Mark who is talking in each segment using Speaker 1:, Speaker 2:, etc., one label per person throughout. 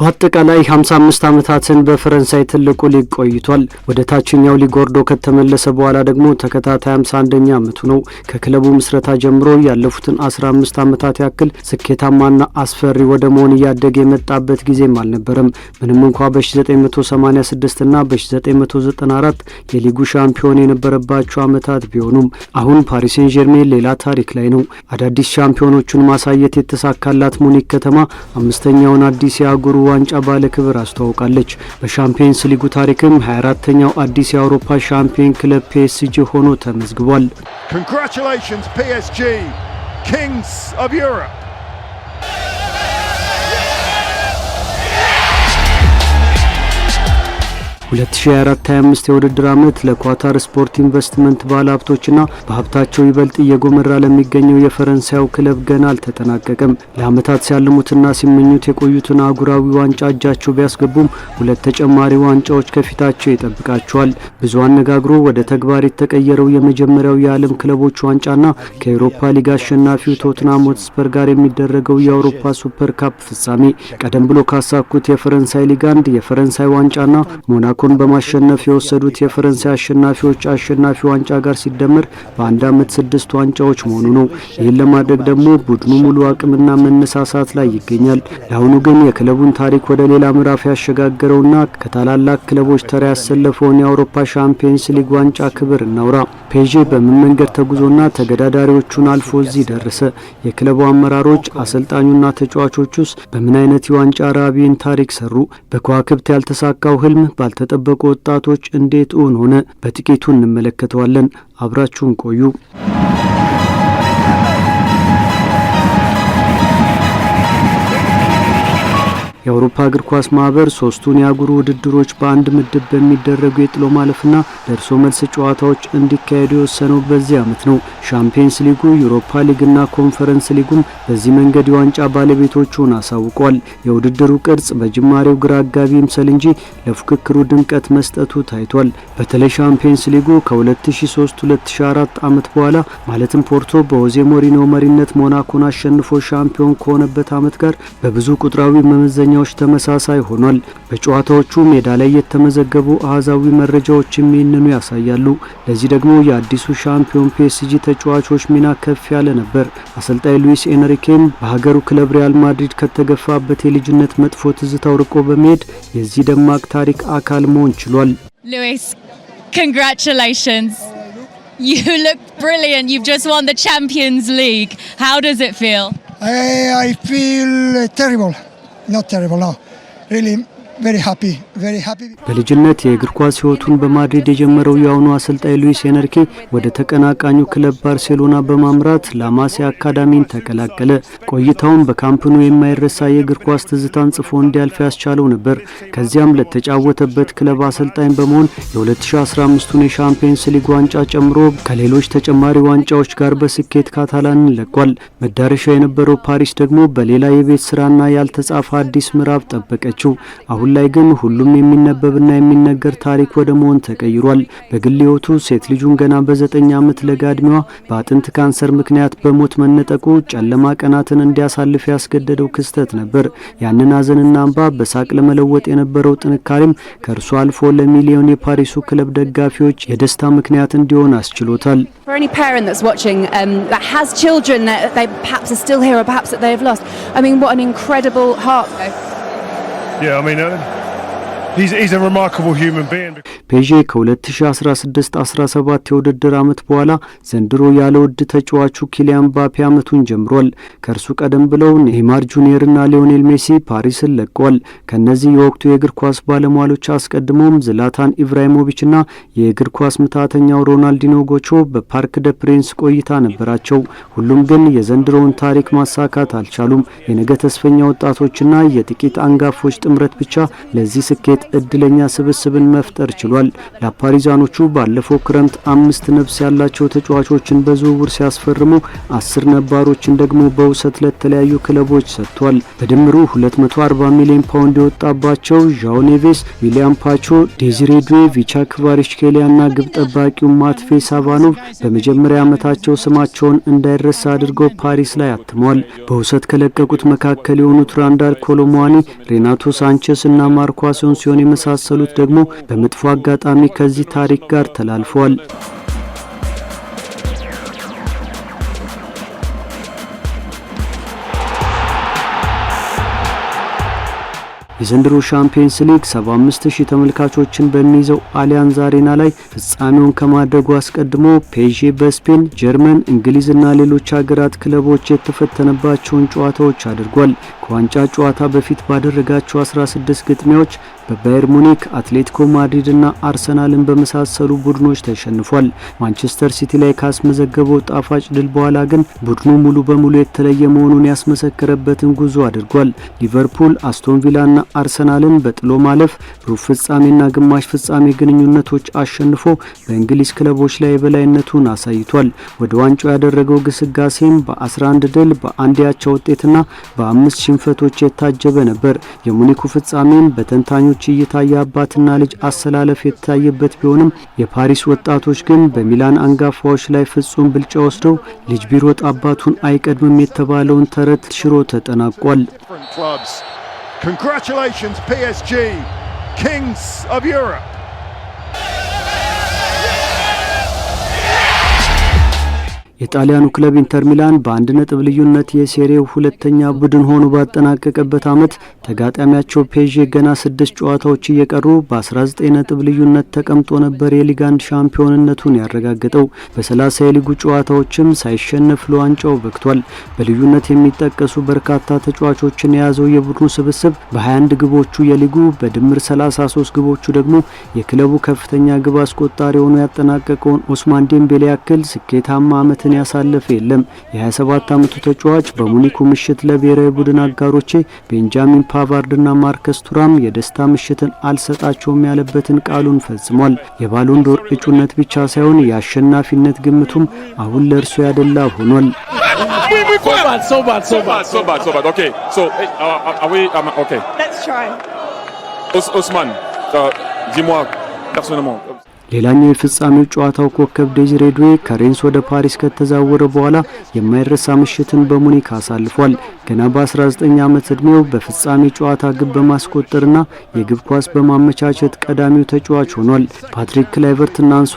Speaker 1: በአጠቃላይ 55 ዓመታትን በፈረንሳይ ትልቁ ሊግ ቆይቷል። ወደ ታችኛው ሊግ ወርዶ ከተመለሰ በኋላ ደግሞ ተከታታይ 51ኛ ዓመቱ ነው። ከክለቡ ምስረታ ጀምሮ ያለፉትን 15 ዓመታት ያክል ስኬታማና አስፈሪ ወደ መሆን እያደገ የመጣበት ጊዜም አልነበረም። ምንም እንኳ በ1986 ና በ1994 የሊጉ ሻምፒዮን የነበረባቸው ዓመታት ቢሆኑም አሁን ፓሪሴን ጀርሜን ሌላ ታሪክ ላይ ነው። አዳዲስ ሻምፒዮኖቹን ማሳየት የተሳካላት ሙኒክ ከተማ አምስተኛውን አዲስ የአጉሩ ዋንጫ ባለ ክብር አስተዋውቃለች። በሻምፒየንስ ሊጉ ታሪክም 24ተኛው አዲስ የአውሮፓ ሻምፒየን ክለብ ፒኤስጂ ሆኖ ተመዝግቧል። 2024/25 የውድድር ዓመት ለኳታር ስፖርት ኢንቨስትመንት ሀብቶችና በሀብታቸው ይበልጥ እየጎመራ ለሚገኘው የፈረንሳዩ ክለብ ገና አልተጠናቀቀም። ለዓመታት ሲያልሙትና ሲመኙት የቆዩትን አህጉራዊ ዋንጫ እጃቸው ቢያስገቡም ሁለት ተጨማሪ ዋንጫዎች ከፊታቸው ይጠብቃቸዋል። ብዙ አነጋግሮ ወደ ተግባር የተቀየረው የመጀመሪያው የዓለም ክለቦች ዋንጫና ከአውሮፓ ሊግ አሸናፊው ቶትናም ሆትስፐር ጋር የሚደረገው የአውሮፓ ሱፐር ካፕ ፍጻሜ ቀደም ብሎ ካሳኩት የፈረንሳይ ሊግ አንድ የፈረንሳይ ዋንጫና ሞናኮ ሞሮኮን በማሸነፍ የወሰዱት የፈረንሳይ አሸናፊዎች አሸናፊ ዋንጫ ጋር ሲደመር በአንድ አመት ስድስት ዋንጫዎች መሆኑ ነው። ይህን ለማድረግ ደግሞ ቡድኑ ሙሉ አቅምና መነሳሳት ላይ ይገኛል። ለአሁኑ ግን የክለቡን ታሪክ ወደ ሌላ ምዕራፍ ያሸጋገረውና ከታላላቅ ክለቦች ተራ ያሰለፈውን የአውሮፓ ሻምፒየንስ ሊግ ዋንጫ ክብር እናውራ። ፔዤ በምን መንገድ ተጉዞና ተገዳዳሪዎቹን አልፎ እዚህ ደረሰ? የክለቡ አመራሮች፣ አሰልጣኙና ተጫዋቾቹስ በምን አይነት የዋንጫ ራቢን ታሪክ ሰሩ? በከዋክብት ያልተሳካው ህልም ባልተጠ ያልጠበቁ ወጣቶች እንዴት እውን ሆነ? በጥቂቱ እንመለከተዋለን። አብራችሁን ቆዩ። የአውሮፓ እግር ኳስ ማህበር ሶስቱን የአህጉሩ ውድድሮች በአንድ ምድብ በሚደረጉ የጥሎ ማለፍና ደርሶ መልስ ጨዋታዎች እንዲካሄዱ የወሰነው በዚህ ዓመት ነው። ሻምፒየንስ ሊጉ፣ ዩሮፓ ሊግና ኮንፈረንስ ሊጉም በዚህ መንገድ የዋንጫ ባለቤቶቹን አሳውቋል። የውድድሩ ቅርጽ በጅማሬው ግራ አጋቢ ይምሰል እንጂ ለፉክክሩ ድምቀት መስጠቱ ታይቷል። በተለይ ሻምፒየንስ ሊጉ ከ2003/2004 ዓመት በኋላ ማለትም ፖርቶ በሆዜ ሞሪኒዮ መሪነት ሞናኮን አሸንፎ ሻምፒዮን ከሆነበት ዓመት ጋር በብዙ ቁጥራዊ መመዘኛ ዳኛዎች ተመሳሳይ ሆኗል። በጨዋታዎቹ ሜዳ ላይ የተመዘገቡ አዛዊ መረጃዎችም ይህንኑ ያሳያሉ። ለዚህ ደግሞ የአዲሱ ሻምፒዮን ፒኤስጂ ተጫዋቾች ሚና ከፍ ያለ ነበር። አሰልጣኝ ሉዊስ ኤንሪኬም በሀገሩ ክለብ ሪያል ማድሪድ ከተገፋበት የልጅነት መጥፎ ትዝታ አውርቆ በመሄድ የዚህ ደማቅ ታሪክ አካል መሆን ችሏል።
Speaker 2: ሉዊስ ኮንግራቹሌሽንስ You look brilliant. You've just won the Champions League. How does it feel?
Speaker 3: I, eh, I feel terrible. not terrible, no. Really,
Speaker 1: በልጅነት የእግር ኳስ ሕይወቱን በማድሪድ የጀመረው የአሁኑ አሰልጣኝ ሉዊስ ኤነርኬ ወደ ተቀናቃኙ ክለብ ባርሴሎና በማምራት ላማሲያ አካዳሚን ተቀላቀለ። ቆይታውን በካምፕኑ የማይረሳ የእግር ኳስ ትዝታን ጽፎ እንዲያልፍ ያስቻለው ነበር። ከዚያም ለተጫወተበት ክለብ አሰልጣኝ በመሆን የ2015ቱን የሻምፒየንስ ሊግ ዋንጫ ጨምሮ ከሌሎች ተጨማሪ ዋንጫዎች ጋር በስኬት ካታላንን ለቋል። መዳረሻ የነበረው ፓሪስ ደግሞ በሌላ የቤት ስራና ያልተጻፈ አዲስ ምዕራፍ ጠበቀችው። አሁን ላይ ግን ሁሉም የሚነበብና የሚነገር ታሪክ ወደ መሆን ተቀይሯል። በግል ሕይወቱ ሴት ልጁን ገና በዘጠኝ ዓመት ለጋ ዕድሜዋ በአጥንት ካንሰር ምክንያት በሞት መነጠቁ ጨለማ ቀናትን እንዲያሳልፍ ያስገደደው ክስተት ነበር። ያንን ሐዘንና እንባ በሳቅ ለመለወጥ የነበረው ጥንካሬም ከእርሱ አልፎ ለሚሊዮን የፓሪሱ ክለብ ደጋፊዎች የደስታ ምክንያት እንዲሆን አስችሎታል።
Speaker 4: Yeah, I mean, uh,
Speaker 1: ፔዤ ከ2016-17 የውድድር ዓመት በኋላ ዘንድሮ ያለ ውድ ተጫዋቹ ኪሊያን ባፔ ዓመቱን ጀምሯል። ከእርሱ ቀደም ብለው ኔይማር ጁኒየርና ሊዮኔል ሜሲ ፓሪስን ለቀዋል። ከእነዚህ የወቅቱ የእግር ኳስ ባለሟሎች አስቀድሞም ዝላታን ኢብራሂሞቪችና የእግር ኳስ ምታተኛው ሮናልዲኖ ጎቾ በፓርክ ደ ፕሬንስ ቆይታ ነበራቸው። ሁሉም ግን የዘንድሮውን ታሪክ ማሳካት አልቻሉም። የነገ ተስፈኛ ወጣቶችና የጥቂት አንጋፎች ጥምረት ብቻ ለዚህ ስኬት እድለኛ ስብስብን መፍጠር ችሏል። ናፓሪዛኖቹ ባለፈው ክረምት አምስት ነፍስ ያላቸው ተጫዋቾችን በዝውውር ሲያስፈርሙ አስር ነባሮችን ደግሞ በውሰት ለተለያዩ ክለቦች ሰጥቷል። በድምሩ 240 ሚሊዮን ፓውንድ የወጣባቸው ዣኦ ኔቬስ፣ ዊሊያም ፓቾ፣ ዴዚሬ ዱዌ፣ ቪቻ ክቫሪሽኬሊያ ና ግብ ጠባቂው ማትፌ ሳቫኖቭ በመጀመሪያ ዓመታቸው ስማቸውን እንዳይረሳ አድርገው ፓሪስ ላይ አትመዋል። በውሰት ከለቀቁት መካከል የሆኑት ራንዳር ኮሎሞዋኒ፣ ሬናቶ ሳንቸስ እና ማርኳ አሴንሲዮ ጌዲዮን የመሳሰሉት ደግሞ በመጥፎ አጋጣሚ ከዚህ ታሪክ ጋር ተላልፈዋል። የዘንድሮ ሻምፒየንስ ሊግ 75000 ተመልካቾችን በሚይዘው አሊያንዝ አሬና ላይ ፍጻሜውን ከማድረጉ አስቀድሞ ፔዤ በስፔን፣ ጀርመን፣ እንግሊዝና ሌሎች ሀገራት ክለቦች የተፈተነባቸውን ጨዋታዎች አድርጓል። ከዋንጫ ጨዋታ በፊት ባደረጋቸው 16 ግጥሚያዎች በባየር ሙኒክ፣ አትሌቲኮ ማድሪድ እና አርሰናልን በመሳሰሉ ቡድኖች ተሸንፏል። ማንቸስተር ሲቲ ላይ ካስመዘገበው ጣፋጭ ድል በኋላ ግን ቡድኑ ሙሉ በሙሉ የተለየ መሆኑን ያስመሰከረበትን ጉዞ አድርጓል። ሊቨርፑል፣ አስቶን ቪላ እና አርሰናልን በጥሎ ማለፍ ሩብ ፍጻሜና ግማሽ ፍጻሜ ግንኙነቶች አሸንፎ በእንግሊዝ ክለቦች ላይ የበላይነቱን አሳይቷል። ወደ ዋንጫው ያደረገው ግስጋሴም በ11 ድል በአንድ ያቻ ውጤትና በአምስት ሽንፈቶች የታጀበ ነበር። የሙኒኩ ፍጻሜም በተንታኞ በርካቶች እይታ የአባትና ልጅ አሰላለፍ የተታየበት ቢሆንም የፓሪስ ወጣቶች ግን በሚላን አንጋፋዎች ላይ ፍጹም ብልጫ ወስደው ልጅ ቢሮጥ አባቱን አይቀድምም የተባለውን ተረት ሽሮ ተጠናቋል።
Speaker 5: Congratulations PSG,
Speaker 1: የጣሊያኑ ክለብ ኢንተር ሚላን በአንድ ነጥብ ልዩነት የሴሬው ሁለተኛ ቡድን ሆኖ ባጠናቀቀበት ዓመት ተጋጣሚያቸው ፔዤ ገና ስድስት ጨዋታዎች እየቀሩ በ19 ነጥብ ልዩነት ተቀምጦ ነበር የሊግ አንድ ሻምፒዮንነቱን ያረጋገጠው። በሰላሳ የሊጉ ጨዋታዎችም ሳይሸነፍ ለዋንጫው በቅቷል። በልዩነት የሚጠቀሱ በርካታ ተጫዋቾችን የያዘው የቡድኑ ስብስብ በ21 ግቦቹ የሊጉ በድምር 33 ግቦቹ ደግሞ የክለቡ ከፍተኛ ግብ አስቆጣሪ ሆኖ ያጠናቀቀውን ኦስማን ዴምቤሌ ያክል ስኬታማ ዓመት ዓመታትን ያሳለፈ የለም። የ27 ዓመቱ ተጫዋች በሙኒኩ ምሽት ለብሔራዊ ቡድን አጋሮቼ ቤንጃሚን ፓቫርድና ማርከስ ቱራም የደስታ ምሽትን አልሰጣቸውም ያለበትን ቃሉን ፈጽሟል። የባሎንዶር እጩነት ብቻ ሳይሆን የአሸናፊነት ግምቱም አሁን ለእርሶ ያደላ ሆኗል። ኦስማን ሌላኛው የፍጻሜው ጨዋታው ኮከብ ዴዚሬ ዱዌ ከሬንስ ወደ ፓሪስ ከተዛወረ በኋላ የማይረሳ ምሽትን በሙኒክ አሳልፏል። ገና በ19 ዓመት ዕድሜው በፍጻሜ ጨዋታ ግብ በማስቆጠርና የግብ ኳስ በማመቻቸት ቀዳሚው ተጫዋች ሆኗል። ፓትሪክ ክላይቨርትና አንሱ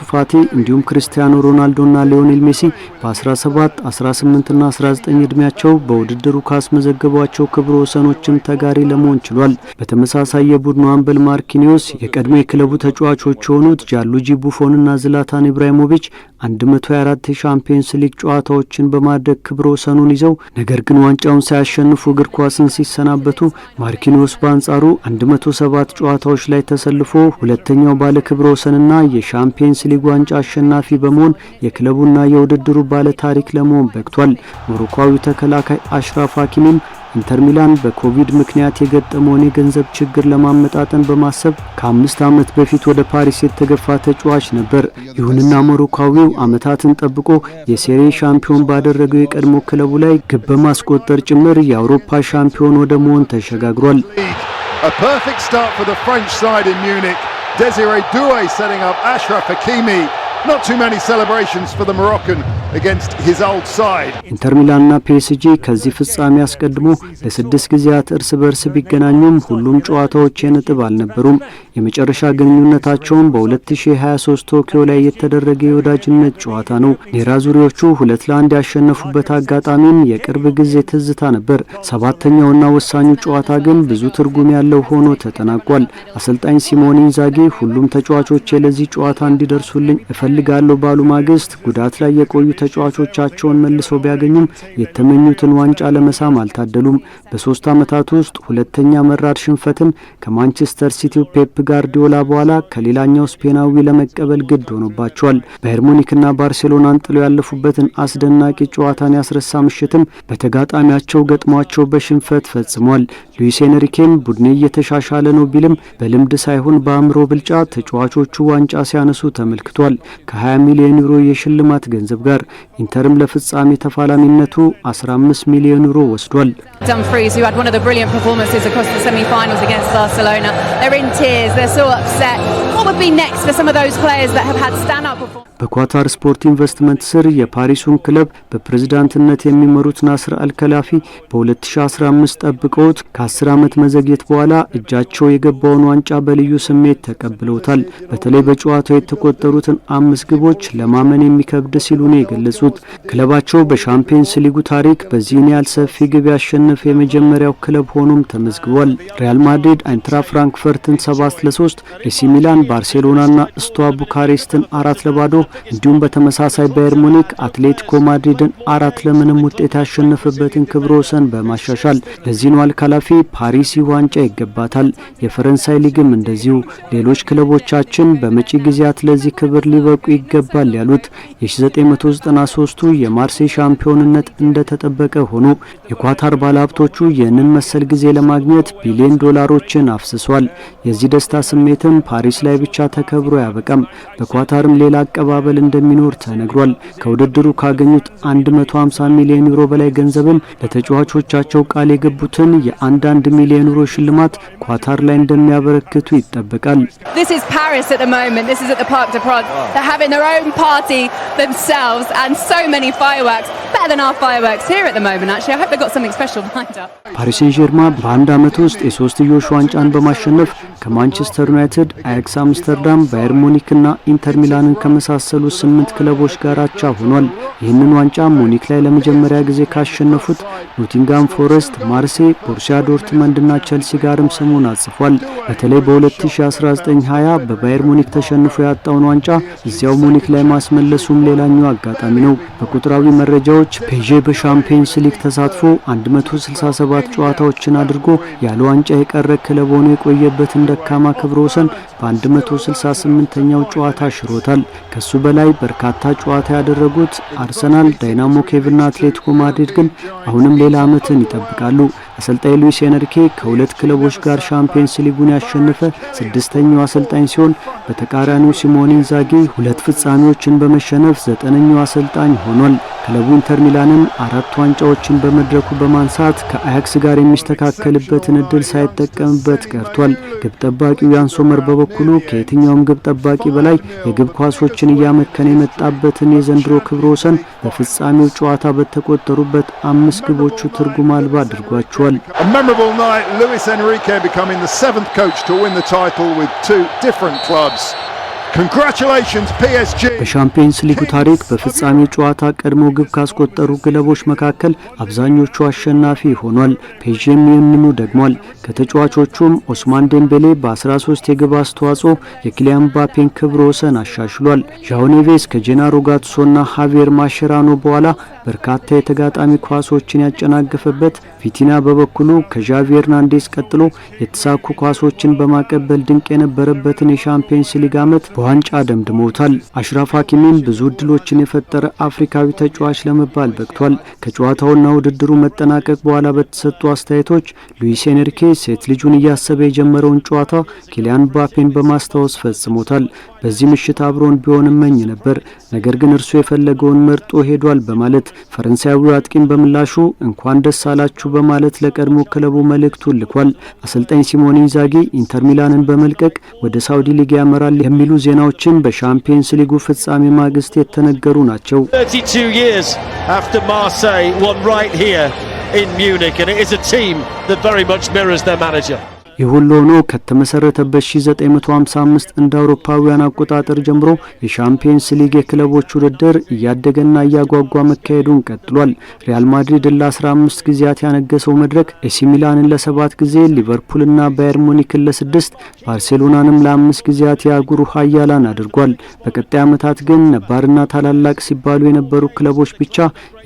Speaker 1: እንዲሁም ክርስቲያኖ ሮናልዶና ሊዮኔል ሜሲ በ17፣ 18ና 19 ዕድሜያቸው በውድድሩ ካስመዘገቧቸው ክብረ ወሰኖችም ተጋሪ ለመሆን ችሏል። በተመሳሳይ የቡድኑ አምበል ማርኪኒዮስ የቀድሞ የክለቡ ተጫዋቾች የሆኑት ጃንሉጂ ጂጂ ቡፎንና ዝላታን ኢብራሂሞቪች 124 የሻምፒየንስ ሊግ ጨዋታዎችን በማድረግ ክብረ ወሰኑን ይዘው ነገር ግን ዋንጫውን ሳያሸንፉ እግር ኳስን ሲሰናበቱ ማርኪኖስ በአንጻሩ 107 ጨዋታዎች ላይ ተሰልፎ ሁለተኛው ባለ ክብረ ወሰንና የሻምፒየንስ ሊግ ዋንጫ አሸናፊ በመሆን የክለቡና የውድድሩ ባለ ታሪክ ለመሆን በቅቷል። ሞሮኳዊ ተከላካይ አሽራፍ ሀኪሚም ኢንተር ሚላን በኮቪድ ምክንያት የገጠመውን የገንዘብ ችግር ለማመጣጠን በማሰብ ከአምስት ዓመት በፊት ወደ ፓሪስ የተገፋ ተጫዋች ነበር። ይሁንና ሞሮካዊው ዓመታትን ጠብቆ የሴሬ ሻምፒዮን ባደረገው የቀድሞ ክለቡ ላይ ግብ በማስቆጠር ጭምር የአውሮፓ ሻምፒዮን ወደ መሆን ተሸጋግሯል። ኢንተር ሚላንና ፒኤስጂ ከዚህ ፍጻሜ አስቀድሞ ለስድስት ጊዜያት እርስ በርስ ቢገናኙም ሁሉም ጨዋታዎች የነጥብ አልነበሩም። የመጨረሻ ግንኙነታቸውም በ2023 ቶኪዮ ላይ የተደረገ የወዳጅነት ጨዋታ ነው። ሌራ ኔራዙሪዎቹ ሁለት ለአንድ ያሸነፉበት አጋጣሚም የቅርብ ጊዜ ትዝታ ነበር። ሰባተኛውና ወሳኙ ጨዋታ ግን ብዙ ትርጉም ያለው ሆኖ ተጠናቋል። አሰልጣኝ ሲሞኔ ኢንዛጊ ሁሉም ተጫዋቾች ለዚህ ጨዋታ እንዲደርሱልኝ እፈልጋለሁ ባሉ ማግስት ጉዳት ላይ የቆዩ ተጫዋቾቻቸውን መልሰው ቢያገኙም የተመኙትን ዋንጫ ለመሳም አልታደሉም። በሶስት ዓመታት ውስጥ ሁለተኛ መራር ሽንፈትን ከማንቸስተር ሲቲው ፔፕ ጋርዲዮላ በኋላ ከሌላኛው ስፔናዊ ለመቀበል ግድ ሆኖባቸዋል። ባየር ሙኒክና ባርሴሎናን ጥለው ያለፉበትን አስደናቂ ጨዋታን ያስረሳ ምሽትም በተጋጣሚያቸው ገጥሟቸው በሽንፈት ፈጽሟል። ሉዊስ ኤንሪኬም ቡድኔ እየተሻሻለ ነው ቢልም በልምድ ሳይሆን በአእምሮ ብልጫ ተጫዋቾቹ ዋንጫ ሲያነሱ ተመልክቷል። ከ20 ሚሊዮን ዩሮ የሽልማት ገንዘብ ጋር ኢንተርም ለፍጻሜ ተፋላሚነቱ 15 ሚሊዮን ዩሮ ወስዷል። በኳታር ስፖርት ኢንቨስትመንት ስር የፓሪሱን ክለብ በፕሬዝዳንትነት የሚመሩት ናስር አልከላፊ በ2015 ጠብቀውት ከ10 ዓመት መዘግየት በኋላ እጃቸው የገባውን ዋንጫ በልዩ ስሜት ተቀብለውታል። በተለይ በጨዋታው የተቆጠሩትን አምስት ግቦች ለማመን የሚከብድ ሲሉ ነው የገለጹት። ክለባቸው በሻምፒየንስ ሊጉ ታሪክ በዚህን ያህል ሰፊ ግብ ያሸነፈ የመጀመሪያው ክለብ ሆኖም ተመዝግቧል። ሪያል ማድሪድ አይንትራ ፍራንክፈርትን 7 ለ3 ኤሲ ሚላን ባርሴሎናና ስቷ ቡካሬስትን አራት ለባዶ እንዲሁም በተመሳሳይ ባየር ሙኒክ አትሌቲኮ ማድሪድን አራት ለምንም ውጤት ያሸነፈበትን ክብረ ወሰን በማሻሻል ለዚህ አልካላፊ ፓሪሲ ዋንጫ ይገባታል፣ የፈረንሳይ ሊግም እንደዚሁ። ሌሎች ክለቦቻችን በመጪ ጊዜያት ለዚህ ክብር ሊበቁ ይገባል ያሉት የ1993ቱ የማርሴይ ሻምፒዮንነት እንደተጠበቀ ሆኖ የኳታር ባለሀብቶቹ ይህንን መሰል ጊዜ ለማግኘት ቢሊዮን ዶላሮችን አፍስሷል። የዚህ ደስታ ስሜትም ፓሪስ ላይ ብቻ ተከብሮ አያበቃም። በኳታርም ሌላ አቀባበል እንደሚኖር ተነግሯል። ከውድድሩ ካገኙት 150 ሚሊዮን ዩሮ በላይ ገንዘብም ለተጫዋቾቻቸው ቃል የገቡትን የአንዳንድ ሚሊዮን ዩሮ ሽልማት ኳታር ላይ እንደሚያበረክቱ ይጠበቃል። ፓሪስ ሴንት ጀርማ በአንድ ዓመት ውስጥ የሶስትዮሽ ዋንጫን በማሸነፍ ከማንቸስተር ዩናይትድ፣ አያክስ አምስተርዳም፣ ባየር ሙኒክና ኢንተር ሚላንን ከመሳሰሉ ስምንት ክለቦች ጋር አቻ ሆኗል። ይህንን ዋንጫ ሙኒክ ላይ ለመጀመሪያ ጊዜ ካሸነፉት ኖቲንጋም ፎረስት፣ ማርሴ፣ ቦሩሲያ ዶርትመንድና ቸልሲ ጋርም ስሙን አጽፏል። በተለይ በ2019/20 በባየር ሙኒክ ተሸንፎ ያጣውን ዋንጫ እዚያው ሙኒክ ላይ ማስመለሱም ሌላኛው አጋጣሚ ነው። በቁጥራዊ መረጃዎች ፔዤ በሻምፒየንስ ሊግ ተሳትፎ 167 ጨዋታዎችን አድርጎ ያለ ዋንጫ የቀረ ክለብ ሆኖ የቆየበትን ደካማ ክብረ ወሰን በ168ኛው ጨዋታ ሽሮታል። ከሱ በላይ በርካታ ጨዋታ ያደረጉት አርሰናል፣ ዳይናሞ ኬቭና አትሌቲኮ ማድሪድ ግን አሁንም ሌላ ዓመትን ይጠብቃሉ። አሰልጣኝ ሉዊስ ኤንሪኬ ከሁለት ክለቦች ጋር ሻምፒየንስ ሊጉን ያሸነፈ ስድስተኛው አሰልጣኝ ሲሆን በተቃራኒው ሲሞኔ ኢንዛጊ ሁለት ፍጻሜዎችን በመሸነፍ ዘጠነኛው አሰልጣኝ ሆኗል። ክለቡ ኢንተር ሚላንን አራት ዋንጫዎችን በመድረኩ በማንሳት ከአያክስ ጋር የሚስተካከልበትን እድል ሳይጠቀምበት ቀርቷል። ግብ ጠባቂው ያን ሶመር በበኩሉ ከየትኛውም ግብ ጠባቂ በላይ የግብ ኳሶችን እያመከነ የመጣበትን የዘንድሮ ክብረ ወሰን በፍጻሜው ጨዋታ በተቆጠሩበት አምስት ግቦቹ ትርጉም አልባ አድርጓቸዋል።
Speaker 5: A memorable night, Luis Enrique becoming the seventh coach to win the title with two different clubs. በሻምፒየንስ
Speaker 1: ሊጉ ታሪክ በፍጻሜ ጨዋታ ቀድሞ ግብ ካስቆጠሩ ክለቦች መካከል አብዛኞቹ አሸናፊ ሆኗል። ፔዥም ይህንኑ ደግሟል። ከተጫዋቾቹም ኦስማን ዴምቤሌ በ13 የግብ አስተዋጽኦ የኪሊያን ምባፔን ክብረ ወሰን አሻሽሏል። ዣኦ ኔቬስ ከጄናሮ ጋቱሶና ሃቬር ማሸራኖ በኋላ በርካታ የተጋጣሚ ኳሶችን ያጨናገፈበት፣ ቪቲና በበኩሉ ከዣቪ ሄርናንዴስ ቀጥሎ የተሳኩ ኳሶችን በማቀበል ድንቅ የነበረበትን የሻምፒየንስ ሊግ ዓመት በዋንጫ ደምድመውታል። አሽራፍ ሀኪሚም ብዙ እድሎችን የፈጠረ አፍሪካዊ ተጫዋች ለመባል በቅቷል። ከጨዋታውና ውድድሩ መጠናቀቅ በኋላ በተሰጡ አስተያየቶች ሉዊስ ኤንሪኬ ሴት ልጁን እያሰበ የጀመረውን ጨዋታ ኪሊያን ባፔን በማስታወስ ፈጽሞታል። በዚህ ምሽት አብሮን ቢሆን እመኝ ነበር፣ ነገር ግን እርሱ የፈለገውን መርጦ ሄዷል በማለት ፈረንሳያዊው አጥቂም በምላሹ እንኳን ደስ አላችሁ በማለት ለቀድሞ ክለቡ መልእክቱ ልኳል። አሰልጣኝ ሲሞኔ ኢንዛጊ ኢንተር ሚላንን በመልቀቅ ወደ ሳውዲ ሊግ ያመራል የሚሉ ዜናዎችን በሻምፒየንስ ሊጉ ፍጻሜ ማግስት የተነገሩ ናቸው።
Speaker 5: in Munich, and it is a team that very much mirrors their manager.
Speaker 1: ይህ ሁሉ ሆኖ ከተመሰረተበት 1955 እንደ አውሮፓውያን አቆጣጠር ጀምሮ የሻምፒየንስ ሊግ የክለቦች ውድድር እያደገና እያጓጓ መካሄዱን ቀጥሏል። ሪያል ማድሪድ ለ15 ጊዜያት ያነገሰው መድረክ ኤሲ ሚላንን ለሰባት ጊዜ፣ ሊቨርፑልና ባየር ሙኒክን ለስድስት፣ ባርሴሎናንም ለአምስት ጊዜያት የአህጉሩ ሀያላን አድርጓል። በቀጣይ ዓመታት ግን ነባርና ታላላቅ ሲባሉ የነበሩ ክለቦች ብቻ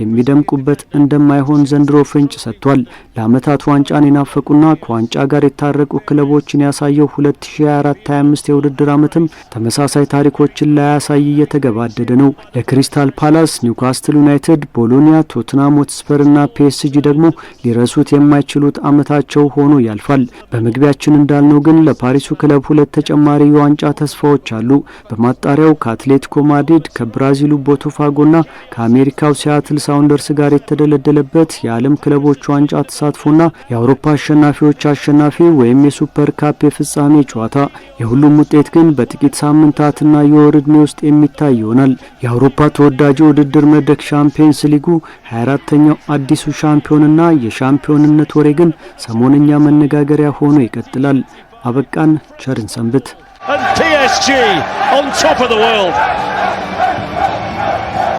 Speaker 1: የሚደምቁበት እንደማይሆን ዘንድሮ ፍንጭ ሰጥቷል። ለአመታት ዋንጫን የናፈቁና ከዋንጫ ጋር የታረ የሚያስመርቁ ክለቦችን ያሳየው 2024/25 የውድድር ዓመትም ተመሳሳይ ታሪኮችን ላያሳይ እየተገባደደ ነው። ለክሪስታል ፓላስ፣ ኒውካስትል ዩናይትድ፣ ቦሎኒያ፣ ቶትናም ሆትስፐርና ፒኤስጂ ደግሞ ሊረሱት የማይችሉት ዓመታቸው ሆኖ ያልፋል። በመግቢያችን እንዳልነው ግን ለፓሪሱ ክለብ ሁለት ተጨማሪ የዋንጫ ተስፋዎች አሉ። በማጣሪያው ከአትሌቲኮ ማድሪድ፣ ከብራዚሉ ቦቶፋጎና ከአሜሪካው ሲያትል ሳውንደርስ ጋር የተደለደለበት የዓለም ክለቦች ዋንጫ ተሳትፎና የአውሮፓ አሸናፊዎች አሸናፊ ወይም ወይም የሱፐር ካፕ የፍጻሜ ጨዋታ። የሁሉም ውጤት ግን በጥቂት ሳምንታትና የወር ዕድሜ ውስጥ የሚታይ ይሆናል። የአውሮፓ ተወዳጁ ውድድር መድረክ ሻምፒየንስ ሊጉ 24ተኛው አዲሱ ሻምፒዮንና የሻምፒዮንነት ወሬ ግን ሰሞነኛ መነጋገሪያ ሆኖ ይቀጥላል። አበቃን። ቸርን ሰንብት።